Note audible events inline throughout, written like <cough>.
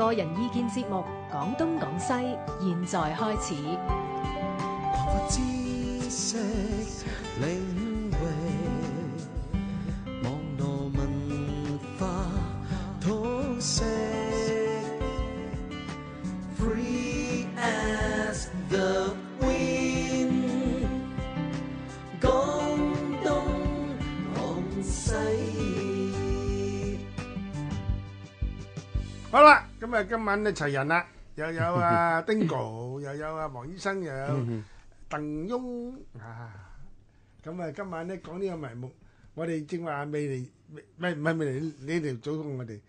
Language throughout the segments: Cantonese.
個人意見節目《講東講西》，現在開始。 <music> 今晚咧齊人啦、 <laughs> 啊，又有阿丁哥，又有阿黃醫生，又有鄧翁啊。咁啊，今晚咧講呢個迷目，我哋正話未嚟，未唔係未嚟，你哋早過我哋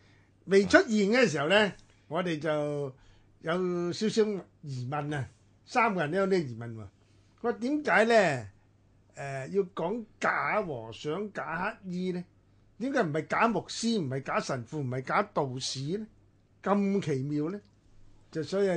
未出現嘅時候咧，我哋就有少少疑問啊。三個人都有啲疑問喎。佢話點解咧？誒、呃，要講假和尚、假乞兒咧？點解唔係假牧師、唔係假神父、唔係假道士咧？咁奇妙咧，就所以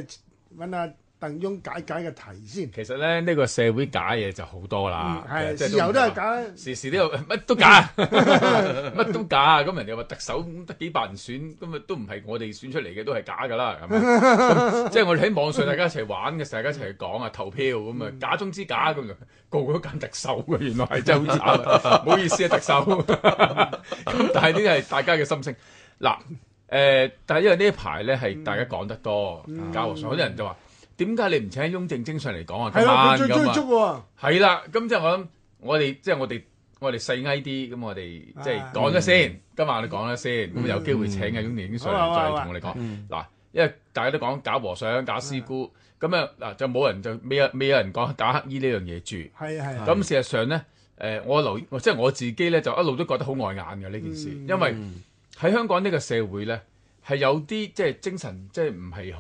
揾阿鄧雍解解嘅題先。其實咧，呢、呢個社會假嘢就好多啦。係、嗯，時時都係假，時時都有，乜都假，乜 <laughs> 都假。咁人哋話特首，咁得幾百人選，咁啊都唔係我哋選出嚟嘅，都係假噶啦，係咪？ <laughs> 即係我哋喺網上大家一齊玩嘅時候，大家一齊講啊投票咁啊、嗯、假中之假咁，個個都揀特首嘅，原來係真係好假的。唔 <laughs> 好意思啊，特首。咁但係呢啲係大家嘅心聲嗱。誒，但係因為呢排咧係大家講得多，假和尚好多人就話，點解你唔請雍正精神嚟講啊？係啊，佢最追蹤喎。係啦，咁即係我諗，我哋即係我哋，我哋細啲啲，咁我哋即係講咗先。今日我哋講咗先，咁有機會請阿雍正精神再同我哋講嗱。因為大家都講假和尚、假師姑，咁啊嗱，就冇人就未有未有人講假乞兒呢樣嘢住。係咁事實上咧，誒我留意即係我自己咧，就一路都覺得好礙眼嘅呢件事，因為。喺香港呢個社會咧，係有啲即係精神即係唔係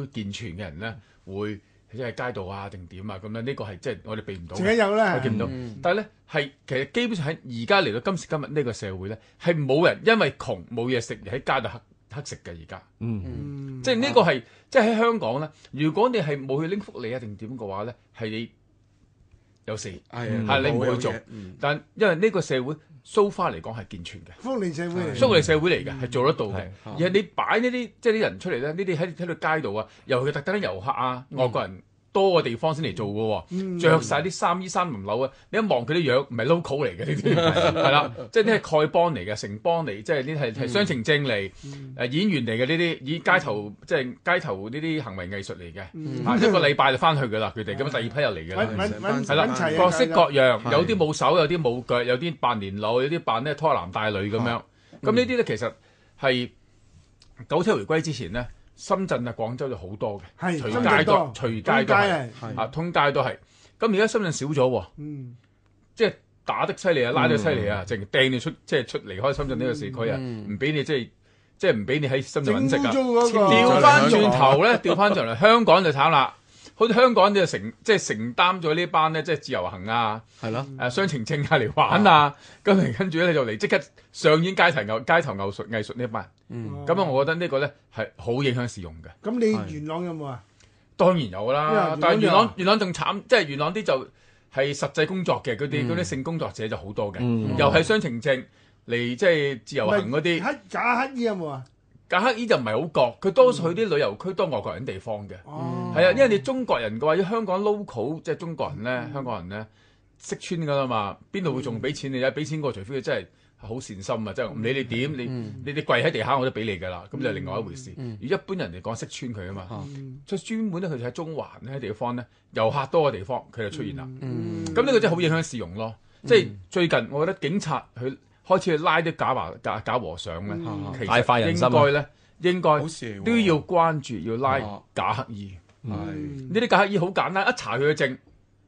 好健全嘅人咧，會即係街道啊定點啊咁樣呢，呢個係即係我哋避唔到嘅。自己有啦，見唔到。但係咧，係其實基本上喺而家嚟到今時今日呢個社會咧，係冇人因為窮冇嘢食而喺街道乞，乞食嘅而家。嗯，嗯，即係呢個係即係喺香港咧，如果你係冇去拎福利啊定點嘅話咧，係你。有時係啊，你唔會去做，嗯、但因為呢個社會 so far 嚟講係健全嘅福利社會嚟，福利社會嚟嘅係做得到嘅。嗯、而係你擺呢啲即係啲人出嚟咧，呢啲喺喺度街道啊，尤其是特登啲遊客啊，嗯、外國人。多個地方先嚟做嘅喎，著曬啲三衣三唔褸啊。你一望佢啲樣，唔係 local 嚟嘅呢啲，係啦，即係啲係丐幫嚟嘅，城邦嚟，即係呢係係雙程證嚟，誒演員嚟嘅呢啲，以街頭即係街頭呢啲行為藝術嚟嘅，一個禮拜就翻去嘅啦，佢哋咁啊，第二批又嚟嘅，係啦，各色各樣，有啲冇手，有啲冇腳，有啲扮年老，有啲扮咧拖男帶女咁樣，咁呢啲咧其實係九七回歸之前咧。深圳啊，廣州就好多嘅，是隨街都隨街都係，啊是通街都係。咁而家深圳少咗喎，嗯，即係打得犀利啊，拉得犀利啊，淨掟、嗯、你出，即係出離開深圳呢個市區，佢又唔俾你即係即係唔俾你喺深圳揾食㗎。調翻轉頭咧，調翻轉嚟，香港就慘啦。好似香港就承即係承擔咗呢班咧，即係自由行啊，係咯，誒雙程證啊嚟玩啊，咁嚟跟住咧就嚟即刻上演街頭牛街頭藝術藝術呢一班，咁啊，我覺得呢個咧係好影響市容嘅。咁你元朗有冇啊？當然有啦，但係元朗元朗仲慘，即係元朗啲就係實際工作嘅嗰啲嗰啲性工作者就好多嘅，又係雙程證嚟即係自由行嗰啲。乞假乞兒有冇啊？架黑衣就唔係好覺，佢多數去啲旅遊區，多外國人地方嘅，係啊，因為你中國人嘅話，香港 local 即係中國人咧，香港人咧識穿噶啦嘛，邊度會仲俾錢你啊？俾錢個非，佢真係好善心啊！即係唔理你點，你你你跪喺地下我都俾你噶啦，咁就另外一回事。一般人嚟講識穿佢啊嘛，所以專門咧佢喺中環啲地方咧，遊客多嘅地方佢就出現啦。咁呢個真係好影響市容咯。即係最近我覺得警察佢。開始去拉啲假華假假和尚咧，大快人心啊！應該咧，應該都要關注，要拉假乞兒。呢啲假乞兒好簡單，一查佢嘅證，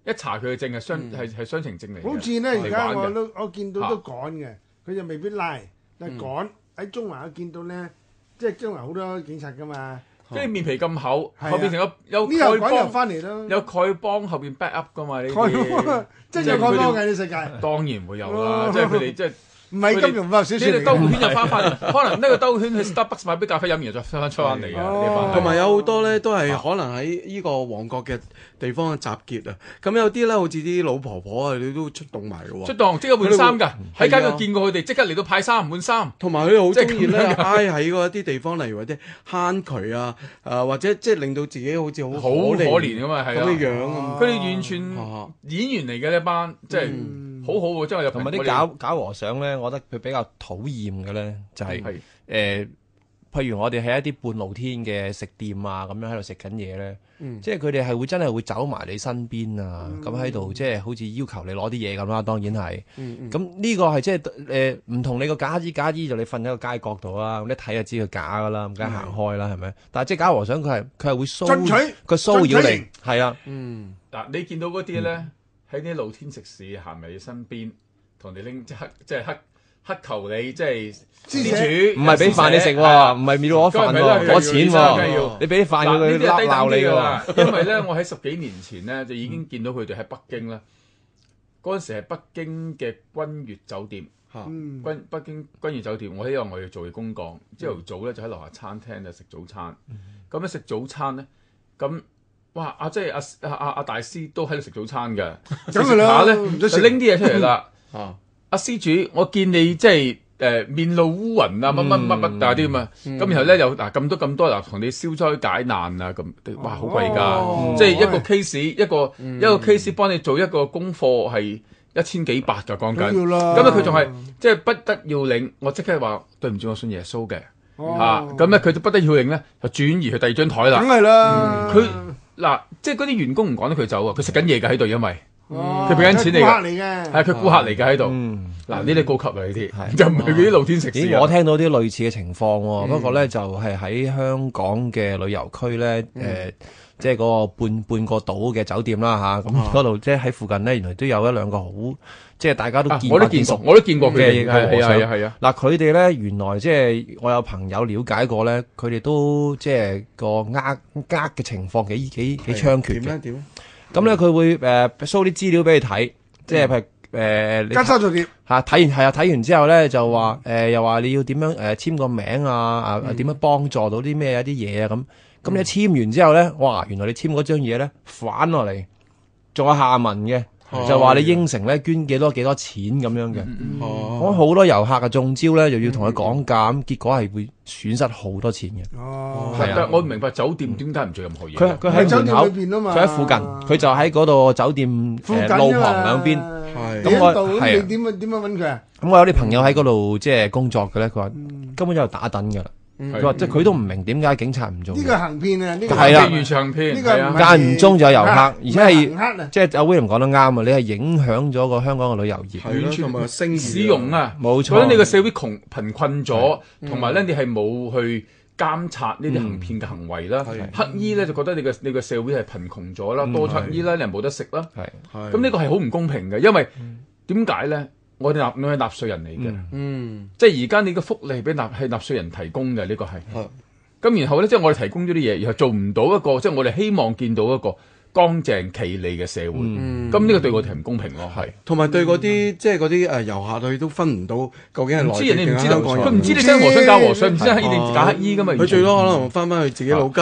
一查佢嘅證係雙係係雙程證嚟。好似咧，而家我都我見到都趕嘅，佢就未必拉，但趕喺中環我見到咧，即係中環好多警察㗎嘛，即係面皮咁厚，後邊成有有丐幫，有丐幫後邊 back up 㗎嘛。丐幫即係有丐幫嘅呢世界，當然會有啦，即係佢哋即係。唔係金融法小説嚟嘅，兜圈就翻返，可能呢個兜圈去 Starbucks 買杯咖啡飲完就再翻出返嚟。同埋有好多咧，都係可能喺呢個旺角嘅地方集結啊。咁有啲咧，好似啲老婆婆啊，你都出動埋嘅喎。出動即刻換衫㗎，喺街度見過佢哋，即刻嚟到派衫換衫。同埋佢哋好中意咧，挨喺嗰一啲地方，例如或者慳渠啊，啊或者即係令到自己好似好好可憐嘅嘛，咁嘅樣咁嘛。佢哋完全演員嚟嘅一班，即係。好好喎，即係同埋啲假假和尚咧，我覺得佢比較討厭嘅咧，就係誒，譬如我哋喺一啲半露天嘅食店啊，咁樣喺度食緊嘢咧，即係佢哋係會真係會走埋你身邊啊，咁喺度即係好似要求你攞啲嘢咁啦。當然係，咁呢個係即係誒，唔同你個假衣假衣就你瞓喺個街角度啊，咁一睇就知佢假㗎啦，咁梗係行開啦，係咪？但係即係假和尚佢係佢係會騷佢騷擾你，係啊，嗯。嗱，你見到嗰啲咧？喺啲露天食肆行埋你身邊，同你拎即刻即刻乞求你即係施主，唔係俾飯你食喎，唔係俾到飯你攞錢喎，你俾啲飯佢鬧鬧你喎。因為咧，我喺十幾年前咧就已經見到佢哋喺北京咧，嗰陣時係北京嘅君悦酒店嚇，君北京君悦酒店。我希望我要做嘅公幹，朝頭早咧就喺樓下餐廳就食早餐。咁樣食早餐咧，咁。哇！阿即係阿阿阿大師都喺度食早餐嘅，咁佢咧拎啲嘢出嚟啦。啊，阿施主，我見你即係誒面露烏雲啊，乜乜乜乜大啲咁啊，咁然後咧又嗱咁多咁多人同你消災解難啊，咁哇好貴噶，即係一個 case 一個一個 case 幫你做一個功課係一千幾百噶，講緊。咁啊佢仲係即係不得要領，我即刻話，對唔住，我信耶穌嘅，啊咁咧佢就不得要領咧，就轉移去第二張台啦。梗係啦，佢。嗱，即係嗰啲員工唔趕得佢走啊，佢食緊嘢㗎喺度，因為佢俾緊錢嚟嘅，係佢顧客嚟㗎喺度。嗱的，呢啲高級啊，呢啲的就唔係嗰啲露天食肆，啊。咦，我聽到啲類似嘅情況喎，啊，嗯、不過咧就係、是、喺香港嘅旅遊區咧，誒、嗯。呃即係嗰個半半個島嘅酒店啦，吓，咁嗰度即係喺附近呢，原來都有一兩個好，即係大家都見我都見熟，我都見過嘅，係啊係啊。嗱，佢哋咧原來即係我有朋友了解過咧，佢哋都即係個呃呃嘅情況幾幾幾猖獗點咧點？咁咧佢會誒 show 啲資料俾你睇，即係譬如誒，加收仲點睇完係啊，睇完之後咧就話誒，又話你要點樣誒簽個名啊啊，點樣幫助到啲咩一啲嘢啊咁。咁你簽完之後咧，哇！原來你簽嗰張嘢咧，反落嚟仲有下文嘅，就話你應承咧捐幾多幾多錢咁樣嘅。我好多遊客啊中招咧，又要同佢講價，結果係會損失好多錢嘅。哦，係，但係我唔明白酒店點解唔做任何嘢。佢喺門口邊啊嘛，佢喺附近，佢就喺嗰度酒店路旁兩邊。咁我係啊，點啊點啊揾佢啊？咁我有啲朋友喺嗰度即係工作嘅咧，佢話根本就打等噶啦。佢話：即係佢都唔明點解警察唔做呢個行騙啊！呢個接如長騙，呢個間唔中就有遊客，而且係即係阿 William 講得啱啊！你係影響咗個香港嘅旅遊業，同埋聲使用啊，冇錯。覺得你個社會窮貧困咗，同埋咧你係冇去監察呢啲行騙嘅行為啦。乞兒咧就覺得你個你個社會係貧窮咗啦，多乞兒啦，你又冇得食啦。係咁呢個係好唔公平嘅，因為點解咧？我哋納，我係納稅人嚟嘅，嗯，即係而家你嘅福利係俾納，係納稅人提供嘅，呢、這個係，咁、嗯、然後咧，即係我哋提供咗啲嘢，然後做唔到一個，即係我哋希望見到一個。乾淨企理嘅社會，咁呢個對我哋唔公平咯，係。同埋對嗰啲即係嗰啲誒遊客去都分唔到究竟係內定係外。佢唔知你真係和尚假和尚，唔知係內定假乞衣噶嘛？佢最多可能翻翻去自己老街。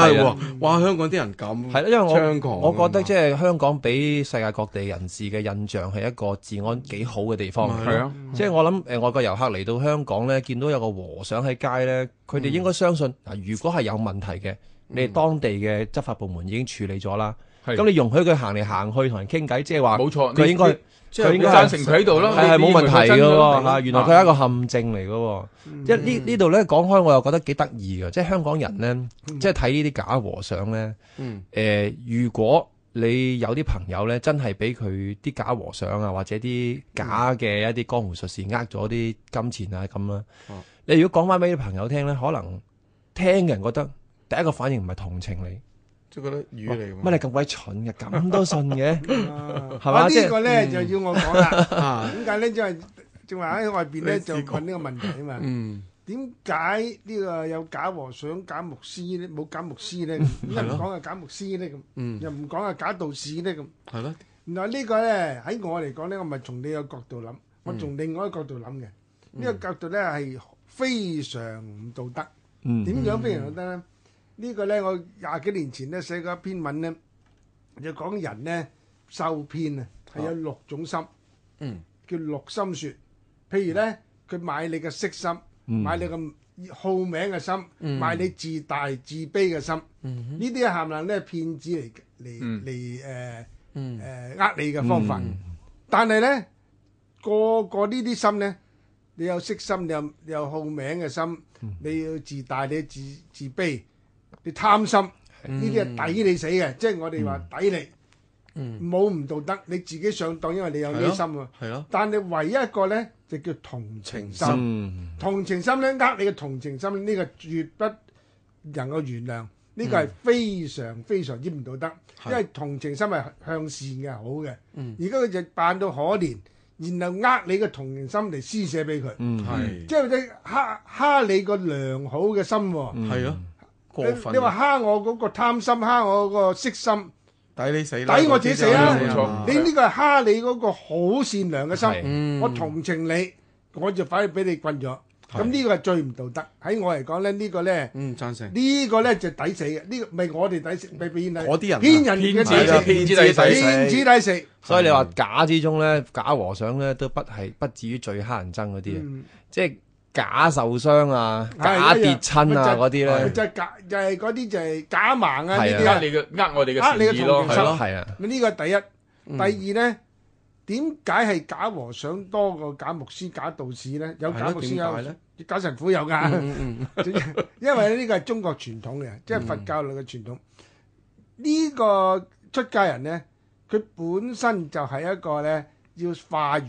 哇！香港啲人咁，係因為我我覺得即係香港俾世界各地人士嘅印象係一個治安幾好嘅地方。係啊，即係我諗誒外國遊客嚟到香港咧，見到有個和尚喺街咧，佢哋應該相信嗱，如果係有問題嘅，你當地嘅執法部門已經處理咗啦。咁你容許佢行嚟行去同人傾偈，即係話，冇錯，佢應該佢應該贊成佢喺度咯，係冇問題噶喎吓。原來佢係一個陷阱嚟噶，即係呢呢度咧講開，我又覺得幾得意噶。即係香港人咧，即係睇呢啲假和尚咧。誒，如果你有啲朋友咧，真係俾佢啲假和尚啊，或者啲假嘅一啲江湖術士呃咗啲金錢啊咁啦。你如果講翻俾啲朋友聽咧，可能聽嘅人覺得第一個反應唔係同情你。覺得魚嚟，乜你咁鬼蠢嘅，咁都信嘅，係嘛？即係呢個咧就要我講啦。點解咧？即係正話喺外邊咧就問呢個問題啊嘛？嗯，點解呢個有假和尚、假牧師咧？冇假牧師咧？又唔講係假牧師咧咁，又唔講係假道士咧咁？係咯？原來呢個咧喺我嚟講咧，我唔係從你嘅角度諗，我從另外一個角度諗嘅。呢個角度咧係非常唔道德。嗯，點樣非常唔道德咧？個呢個咧，我廿幾年前咧寫過一篇文咧，就講、是、人咧受騙啊，係有六種心，嗯，oh. 叫六心説。譬如咧，佢買你嘅色心，mm. 買你嘅好名嘅心，mm. 買你自大自卑嘅心，呢啲係咪咧騙子嚟嚟嚟誒誒呃，呃，呃你嘅方法？Mm. 但係咧，個個呢啲心咧，你有色心，你有你有好名嘅心，你要自大，你自自卑。你貪心，呢啲係抵你死嘅，嗯、即係我哋話抵你冇唔、嗯、道德，你自己上當，因為你有野心啊。係咯，但你唯一一個咧就叫同情心，同情心咧呃你嘅同情心呢情心、呢個絕不能夠原諒，呢、呢個係非常非常之唔道德，嗯、因為同情心係向善嘅好嘅。的而家佢就扮到可憐，然後呃你嘅同情心嚟施捨俾佢。即係、嗯，佢係蝦蝦你個良好嘅心喎。係、嗯嗯你你話蝦我嗰個貪心蝦我嗰個色心，抵你死啦！抵我自己死啦！冇錯！你呢個係蝦你嗰個好善良嘅心，我同情你，我就反而俾你棍咗。咁呢個係最唔道德。喺我嚟講咧，呢個咧贊成呢個咧就抵死嘅。呢個咪我哋抵食俾俾人哋？嗰啲人騙人嘅子，騙子抵死。所以你話假之中咧，假和尚咧都不係不至於最乞人憎嗰啲啊，即係。假受傷啊，假跌親啊，嗰啲咧，即係假，就係嗰啲就係假盲啊，呢啲呃你嘅、呃我哋嘅呃，善意咯，係啊。呢個第一，第二咧，點解係假和尚多過假牧師、假道士咧？有假牧師，有假神父，有噶，因為呢個係中國傳統嘅，即係佛教裏嘅傳統。呢個出家人咧，佢本身就係一個咧要化緣。